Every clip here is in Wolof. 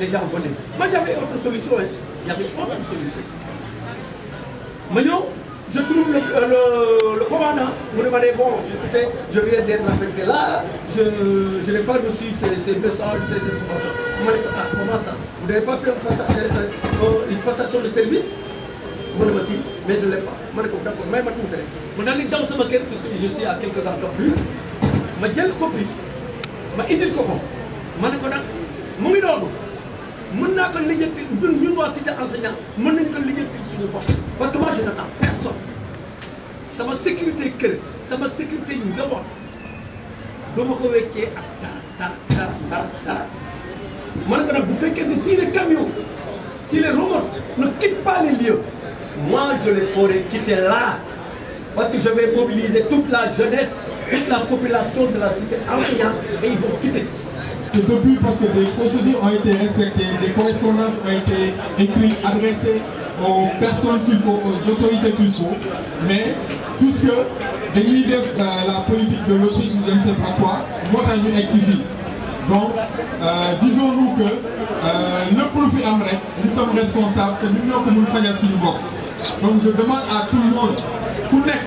les gens venaient. Moi, j'avais autre solution. Hein. J'avais autre solution. Maintenant, je trouve le, euh, le, le commandant. Vous me demandez, bon, écoutez, je viens d'être affecté là, je, je n'ai pas reçu ces, messages, ces informations. Vous me ah, comment ça Vous n'avez pas fait une passation, euh, euh, une passation de service Vous me si, mais je ne l'ai pas. Je me dis, d'accord, mais je vais Maintenant, dans gens se maquillent, puisque je suis à quelques encore plus. Je vais une copie. Je vais une copie. Je vais une copie. Je vais une copie. Je ne ko pas ñun ñun waa cité enseignant mën nañ ko sur suñu bopp parce que moi je n'attends personne sama sécurité kër sama sécurité que du ma ko weccee ak dara dara dara ne ko pas bu si les camions si les romans, ne quittent pas les lieux moi je les ferai quitter là parce que je vais mobiliser toute la jeunesse toute la population de la cité enseignante et ils vont quitter c'est depuis parce que des procédures ont été respectées, des correspondances ont été écrites, adressées aux personnes qu'il faut, aux autorités qu'il faut, mais puisque les leaders de la politique de l'autisme je ne sais pas quoi votre avis est civil. donc euh, disons-nous que euh, le profit fi nous sommes responsables que nous n'avons pas pas donc je demande à tout le monde connecte.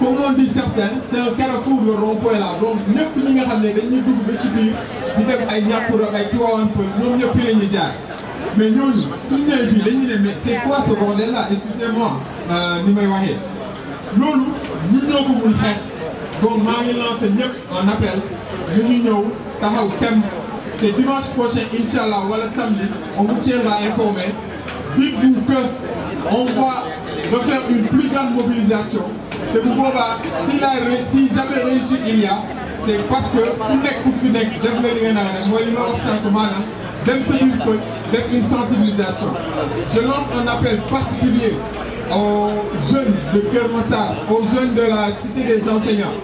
comme on dit certains c'est un carrefour le rond-point là donc nous ñi nga nous dañuy dugg nous ci biir mais quoi ce bordel là excusez-moi euh, ni may Nous nous, ñun donc marie lancé un appel dimanche prochain Inch'Allah, samedi on vous tiendra informé dites-vous que on va refaire une plus grande mobilisation de s'il si jamais réussi il y a c'est parce que tout nekk ku fi def nga li wax une sensibilisation je lance un appel particulier aux jeunes de Kermassa, aux jeunes de la cité des enseignants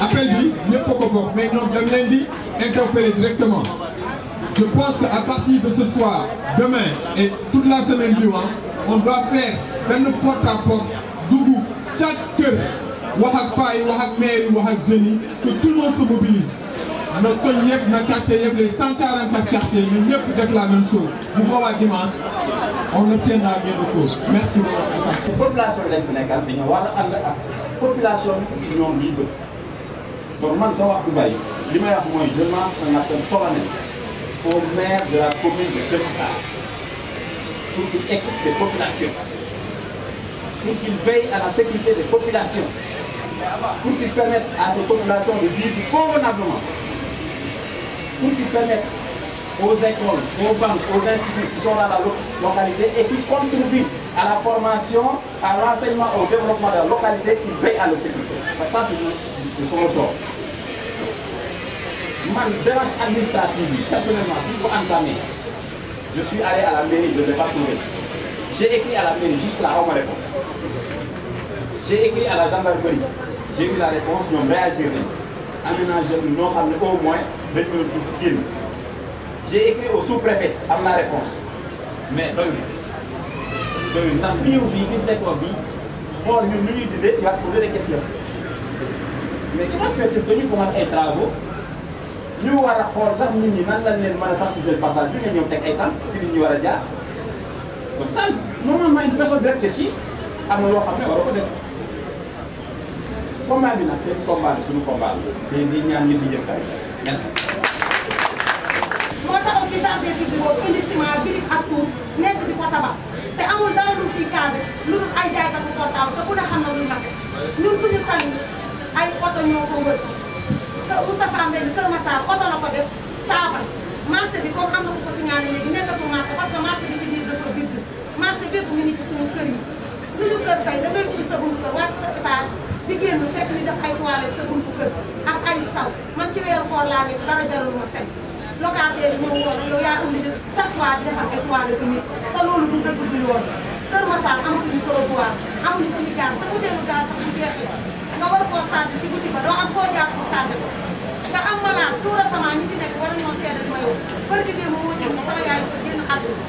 appel lui a ko mais non, le lundi, di interpeller directement je pense qu'à partir de ce soir demain et toute la semaine du mois, on doit faire nos porte à porte dugg chaque kër wax que tout le monde se mobilise Notre notre quartier les 144 quartiers def la même chose bu dimanche on obtiendra bien de cause merci beaucoup. population populations de population qui nous un au maire de la commune de pour qu'il écoute ces populations pour qu'il veille à la sécurité des populations, pour qu'il permette à ces populations de vivre convenablement, pour qu'il permette aux écoles, aux banques, aux instituts qui sont dans la localité et qui contribuent à la formation, à l'enseignement, au développement de la localité, qui veille à la sécurité. Parce que ça, c'est son ressort. Man, démarche administrative, personnellement, il faut entamer, je suis allé à la mairie, je ne l'ai pas trouvé. J'ai écrit à la mairie, juste là, on m'a répondu j'ai écrit à la gendarmerie j'ai eu la réponse non réagi aménagé au moins j'ai écrit au sous-préfet à ma réponse mais non. Ben Il ben tu vas poser des questions mais comment tu es que tu un travail, travaux ñu la a sax nit ñi nan lañ de temps donc ça normalement une personne réfléchit. am na loo xam ne war ko def combat bi nag seen combat bi suñu combat la te di ñaan ñu si jëm tamit merci. moo taxaw ci chantier bi boobu indi ciment birig ak di ko tabax te amul dara lu fi cadre lu dul ay jaaykatu portable te na lu ñax ñun suñu tali ay oto ko wër te Moustapha Mbène ko def taabal marché bi comme am na ko ko signalé léegi nekkatul marché parce que marché bi ci suñu kër tey da ngay ubbi sa buntu kër wàcc di génn fekk ñu def ay toilettes sa buntu kër ak ay saw man ci weeru koor laa nekk dara jarul ma fenn locataire yi ñoo woon yaa obligé chaque fois di defal ay toilettes nit te loolu du dëgg du yoon Kër Massar amatuñu trottoir amuñu fu ñu gaar sa bu jeexee nga war koo sànni ci ko sànni ko nga am malade tout ma yow bari di génn àdduna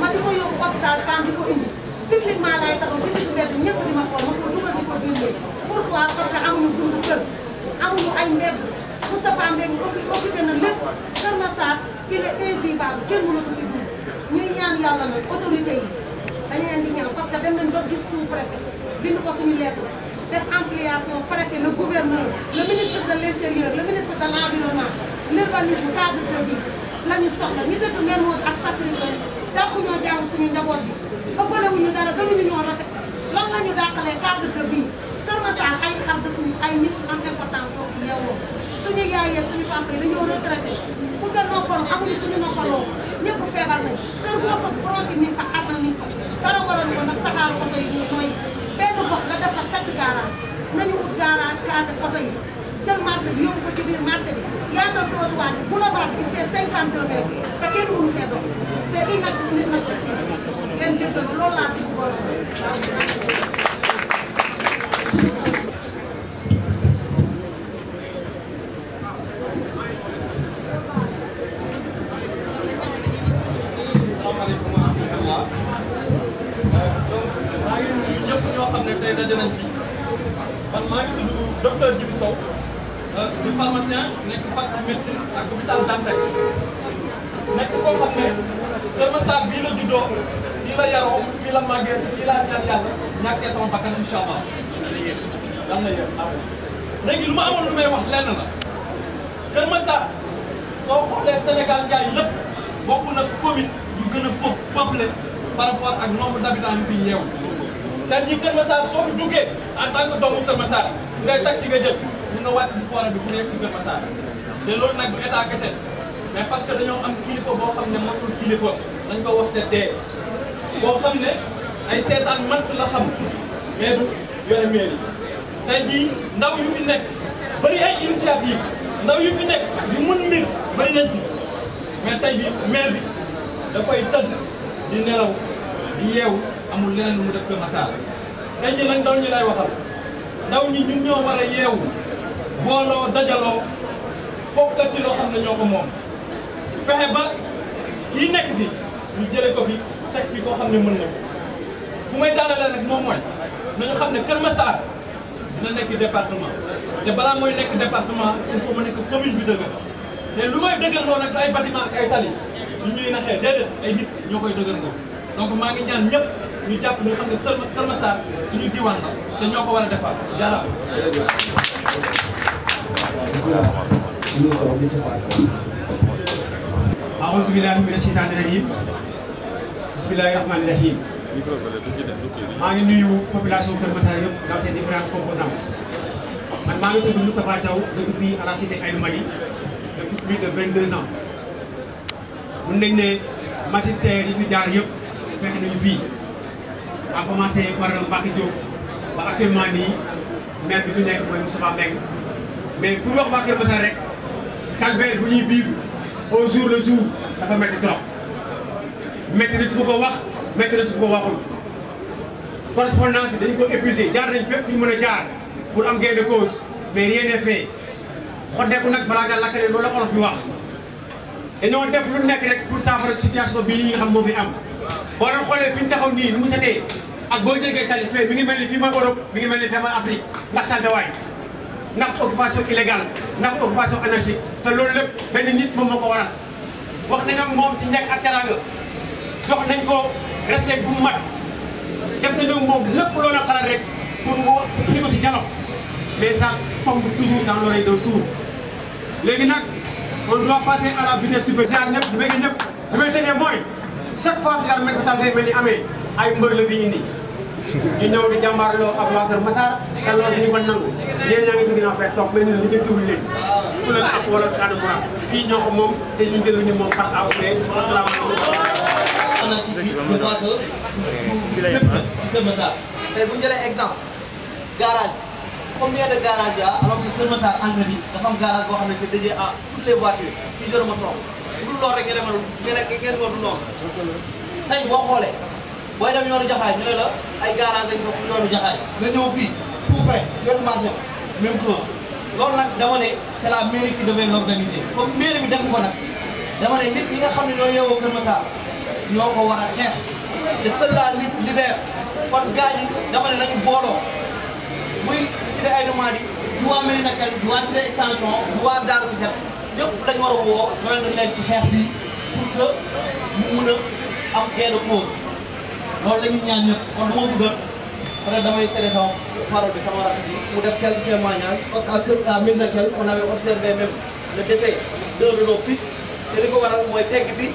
ma di ko yóbbu hôpital femme di ko indi publiquement laay taxaw ci biir mbedd ñëpp di ma xool ma ko dugal di ko génnee pourquoi parce que amuñu dund kër amuñu ay mbedd Moustapha Mbengue occupé na lépp Kër Massar il est invivable kenn mënatu fi dund ñuy ñaan yàlla nag autorité yi dañ leen di ñaan parce que dem nañ gis suñu préfet bind ko suñu lettre def ampliation préfet le gouverneur le ministre de l' intérieur le ministre de l' environnement l' urbanisme cadre de vie la ñu soxla ñu dëkk ëppalewuñu dara gënuñu ñoo rafet lan la ñu dàqalee cadre de Kër Massar ay xar dëkk ñu ay nit am importance foofu yeewoo suñu yaayee suñu papa yi dañoo retraité bu gën noppal amuñu suñu noppaloo ñëpp feebar nañ kër goo fa proche nit fa as na nit fa dara waroon ko ndax saxaaru oto yi mooy benn gox nga def fa sept garage nañu ut garage case oto yi jël marché bi yóbbu ko ci biir marché bi yaatal trottoir bi boulevard bi il fait cinquante fee c'est inaccessible ngeen jëndoon loolu laa si borom. salaamaaleykum wa rahmatulah donc maa ngi nuyu ñëpp ñoo xam ne tey daje nañ fi man maa ngi tudd docteur Djibi Sow di pharmacien nekk fac médecine ak hôpital Dantec nekk koo xam ne. Kër Massar bii la juddoo fii la yaroo fii la màggee fii laa ñaan yàlla ñàkkee sama bakkan incha allah lan la yéen léegi lu ma amoon lu may wax lenn la Kër Massar soo xoolee Sénégal njaay lépp bokk na commune yu gën a pop peuplé par ak nombre d'habitants yu fi ñeew te ñi Kër Massar soo fi duggee en tant que doomu Kër Massar su dee taxi nga jël mun na wàcc si foire bi ku nekk si Kër Massar te loolu nag du état kese. mais parce que dañoo am kilifa boo xam ne matul kilifa dañ ko wax te dee boo xam ne ay seetaan mars la xam mais du yore mairie tey jii ndaw yu fi nekk bëri ay initiative ndaw yu fi nekk ñu mën mbir bëri nañ ci mais tey bi maire bi dafay tëdd di nelaw di yeewu amul leneen lu mu def ko masaal tey jii nag ndaw ñi lay waxal ndaw ñi ñun ñoo war a yeewu booloo dajaloo fokk ci loo xam ne ñoo ko moom fexe ba yi nekk fi ñu jëlee ko fi teg fi koo xam ne mën na ko bu may daalalee nag moom mooy nañu xam ne Kër Massar na nekk département te balaa mooy nekk département il faut ma nekk commune bi dëgër te lu may dëgër loo nag ay bâtiment ak ay tali ñu ñuy naxee déedéet ay nit ñoo koy dëgër loo donc maa ngi ñaan ñëpp ñu jàpp ñu xam ne sël Kër Massar suñu diwaan la te ñoo ko war a defar jaaraama. bisimilah. أعوذ بالله من الشيطان الرجيم بسم الله الرحمن الرحيم maa ngi nuyu population Kër Massar yëpp dans ses différentes composantes man maa ngi tudd Moustapha Diaw dëkk fii à la cité Aïnou Madi depuis plus de vingt deux ans mun nañ ne magistère yi fi jaar yëpp fekk nañu fii à commencer par Mbacke Diop ba actuellement nii maire bi fi nekk mooy Moustapha Mbengue mais pour wax waa Kër rek calvaire bu ñuy vivre au jour le jour dafa métti trop métti na ci ku ko wax métti na ci ku ko waxul correspondance yi dañ ko épuisé jaar nañ fépp fi ñu mën a jaar pour am gain de cause mais rien n'est fait xoddeeku nag balaa ngaa lakkale loolu la olof bi wax dañoo def lu nekk rek pour saafara situation bii yi nga xam moo fi am boo doon xoolee fi ñu taxaw nii nu mu setee ak boo jegee tali fee ngi mel ni fii ma Europe mi ngi mel ni fii mooy Afrique ndax saltewaay ndax occupation illégale ndax occupation anarchique te loolu lépp benn nit moom moo ko waral wax nañ ak moom ci njëkk ak teraanga jox nañ ko respect bu mat def nañ ak moom lépp loolu a xalaat rek pour mu indi ko ci dialogue mais ça tombe toujours dans l'oreille d'un sourd léegi nag on doit passer à la vitesse supérieure ñëpp di bëgg ñëpp li may tëjee mooy chaque fois que manifestation mel ni amee ay mbër la fi indi ñu ñëw di jàmbaarloo ak waa Kër Massar te loolu ñu ko nangu ñenn ñaa ngi fi gën a fekk toog ku leen ak wala Kaana Mourad fii ñoo ko moom te ñu dellu ñu moom par AOP asalaamaaleykum. ANACIM bi je crois que pour lépp ci Kër Massar. tey bu ñu jëlee exemple garage combien de garage y a alors que Kër Massar engrais bi dafa am garage boo xam ne c'est dédié à toutes les voitures si je ne me trompe bu dul loolu rek ngeen demal ngeen ngeen ngootu noonu. tey boo xoolee booy dem yoonu Jaxaay ñu ne la ay garage lañ bokk yoonu Jaxaay nga ñëw fii tout près ci wetu marché même chose loolu nag dama ne. c'est la mairie qui devait l'organiser comme mairie bi def ko nag dama ne nit ñi nga xam ne ñoo yeewoo Kër Massar ñoo ko war a xeex te seule la lutte libère kon yi dama ne nañu booloo muy Cité Aïnou Mady di waa Mérina Kelle di waa Cité extension di waa Darou Moukhty ñëpp lañ war a woo joindre leen ci xeex bi pour que mu mun a am gain de cause loolu la ñaan ñëpp kon du ma après damay cédé sama parole bi sama rakk bi mu def quelques témoignages parce que à te li ko waral mooy tegg bi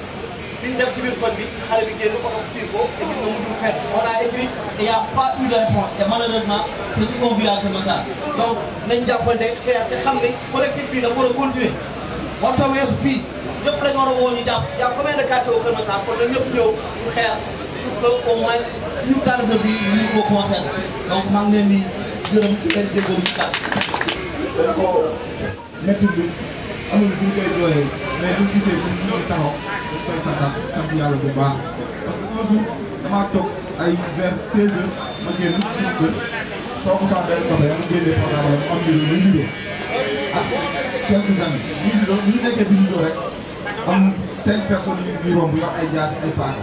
bi def ci biir kon bi xale bi génn ko ko fii ko te gis nga mu jur fenn on a écrit il y a pas eu de réponse et malheureusement c'est ce qu'on vit à Kër donc nañ jàppante te xam ne collectif bi dafa war a continuer warta weesu fii ñëpp lañ war a woo ñu jàpp ci jàpp combien de quartier au Kër Massar kon ñëpp ñëw ñu xeex pour que au moins suñu cadre ko concerne donc maa ngi leen di gërëm di leen jéego bu baax. bi amul lu ñu jooyee mais bu gisee bu ñu ñu taxaw dañ ma génn saa benn côté ma génnee programme am mbir mi ñu juddoo ak ah, quelques années ñu juddoo ñu nekkee bi ñu juddoo rek am cinq personnes yu ñu ay jaasi ay paaka.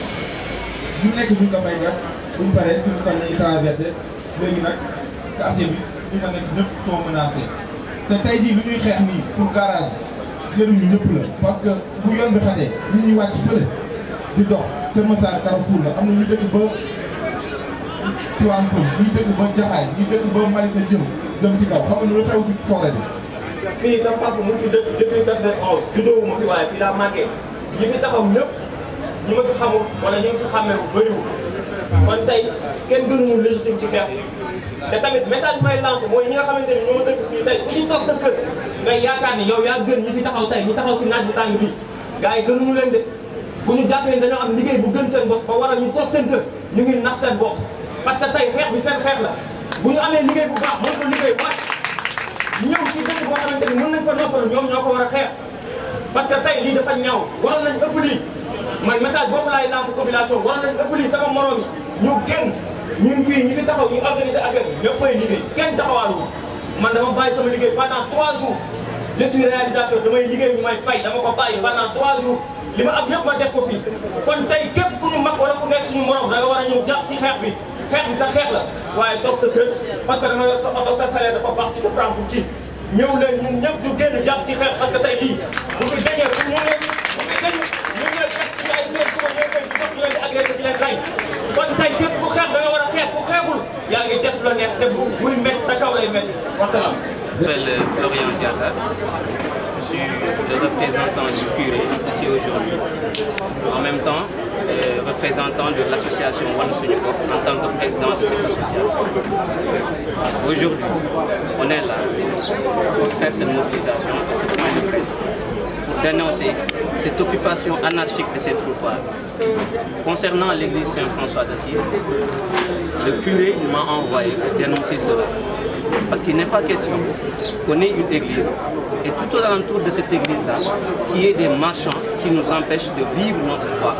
lu nekk ñu ngi ko fay def bu ñu paree suñu koñ ñuy traversé léegi nag quartier bi ñu fa nekk ñëpp sont menacés te tey jii lu ñuy xeex nii pour garage jëriñu ñëpp la parce que bu yoon bi xatee nit ñi wàcc fële di dox Kër Massar Carrefour la am na ñu dëkk ba Tivaouane Peulh ñu dëkk ba Jaxaay ñu dëkk ba Malika jëm jëm ci kaw xam nga lu xew ci forêt bi fii sama papa mu fi dëkk depuis 91 juddoo wu ma fi waaye fii laa màggee ñi fi taxaw ñëpp ñi ma fi xamul wala ñi ma fi xàmmeewu bëriwul kon tey kenn gënuñu légitime ci xeex te tamit message may lancé mooy ñi nga xamante ni ñoo ma dëkk fii tey ku ci toog sa kër ngay yaakaar ni yow yaa gën ñi fi taxaw si naaj bu tàng bii gars yi gënuñu leen de bu ñu jàppee dañoo am liggéey bu gën seen bos ba waral ñu toog seen kër ñu ngi nax seen bopp parce que tey xeex bi seen xeex la bu ñu amee liggéey bu baax mën ko liggéey wàcc ñëw ci dëkk boo xamante ni mën nañ fa noppal ñoom ñoo ko war parce que tey lii dafa ñaaw waral nañ ëpp lii man message boobu laay lancer population war nañu ëpp lii sama morom yi ñu gën fi taxaw ñu organiser affaire bi ñëpp ay liggéey kenn taxawaalu man dama bàyyi sama liggéey pendant 3 jours je suis réalisateur damay liggéey ñu may fay dama ko bàyyi pendant 3 jours li ma am ñëpp ma def ko fii. kon tey képp ku ñu mag wala ku nekk suñu morom da nga war a ñëw jàpp ci bi xeex bi sa la waaye toog sa kër que dama yor sa oto sa salaire dafa baax ci te prendre tey Je m'appelle euh, Florian Diatta, je suis le représentant du curé ici aujourd'hui. En même temps, euh, représentant de l'association One Sunyukov en tant que président de cette association. Aujourd'hui, on est là pour faire cette mobilisation cette dénoncer cette occupation anarchique de ces trottoirs. Concernant l'église Saint-François d'Assise, le curé m'a envoyé dénoncer cela. Parce qu'il n'est pas question qu'on ait une église et tout autour de cette église-là, qu'il y ait des marchands qui nous empêchent de vivre notre foi,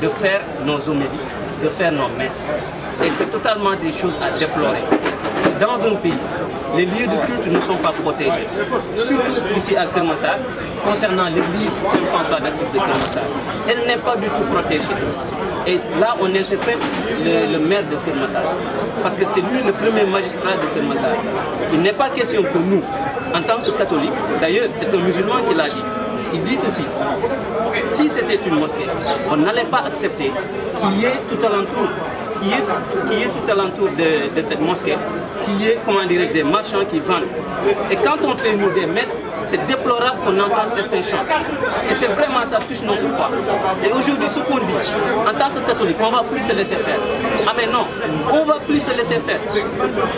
de faire nos homélies, de faire nos messes. Et c'est totalement des choses à déplorer. Dans un pays les lieux de culte ne sont pas protégés. Surtout ici à Kermassar, concernant l'église Saint-François d'Assise de Kermassar. Elle n'est pas du tout protégée. Et là, on interprète le, maire de Kermassar. Parce que c'est lui le premier magistrat de Kermassar. Il n'est pas question que nous, en tant que catholiques, d'ailleurs, c'est un musulman qui l'a dit, il dit ceci. Si c'était une mosquée, on n'allait pas accepter qu'il y ait tout alentour qui est, tout alentour de, de cette mosquée, qui est, comment dire, des marchands qui vendent. Et quand on fait nous des messes, c'est déplorable qu'on entende certains chants. Et c'est vraiment, ça touche notre foi. Et aujourd'hui, ce qu'on dit, en tant que catholique, on ne va plus se laisser faire. Ah mais non, on ne va plus se laisser faire.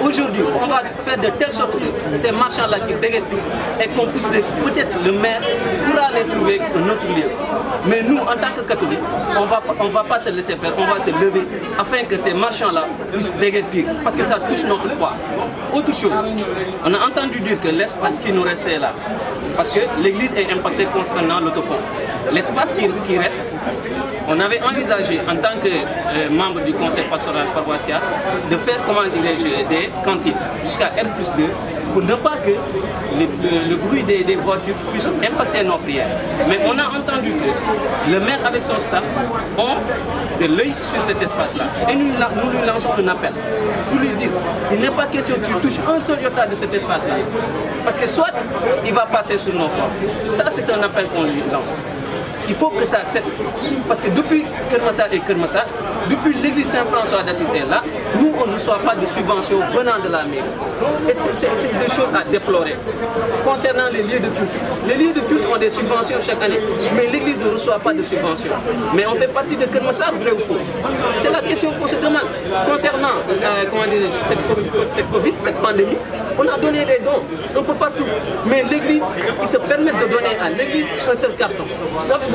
Aujourd'hui, on va faire de telle sorte que ces marchands-là qui plus. et qu'on puisse peut-être le maire pourra aller trouver un autre lieu. Mais nous, en tant que catholiques, on va, ne va pas se laisser faire, on va se lever afin que ces marchands-là puissent plus. parce que ça touche notre foi. Autre chose, on a entendu dire que l'espace qui nous restait là, parce que l'église est impactée concernant l'autopont. L'espace qui, reste, on avait envisagé en tant que euh, membre du conseil pastoral paroissial de faire, comment dirais des cantines jusqu'à N plus 2 pour ne pas que le, bruit des, voitures puisse impacter nos prières. Mais on a entendu que le maire avec son staff ont de l'œil sur cet espace-là. Et nous, nous lui lançons un appel pour lui dire, il n'est pas question qu'il touche un seul iota de cet espace-là. Parce que soit il va passer sous nos corps. Ça, c'est un appel qu'on lui lance il faut que ça cesse. Parce que depuis Kermassa et Kermassa, depuis l'église Saint-François d'Assise là, nous on ne reçoit pas de subventions venant de la mairie. Et c'est des choses à déplorer. Concernant les lieux de culte, les lieux de culte ont des subventions chaque année, mais l'église ne reçoit pas de subventions. Mais on fait partie de Kermassa, vrai ou faux C'est la question qu'on se demande. Concernant euh, comment cette, Covid, cette pandémie, on a donné des dons, on peut pas tout. Mais l'église, ils se permettent de donner à l'église un seul carton. sauf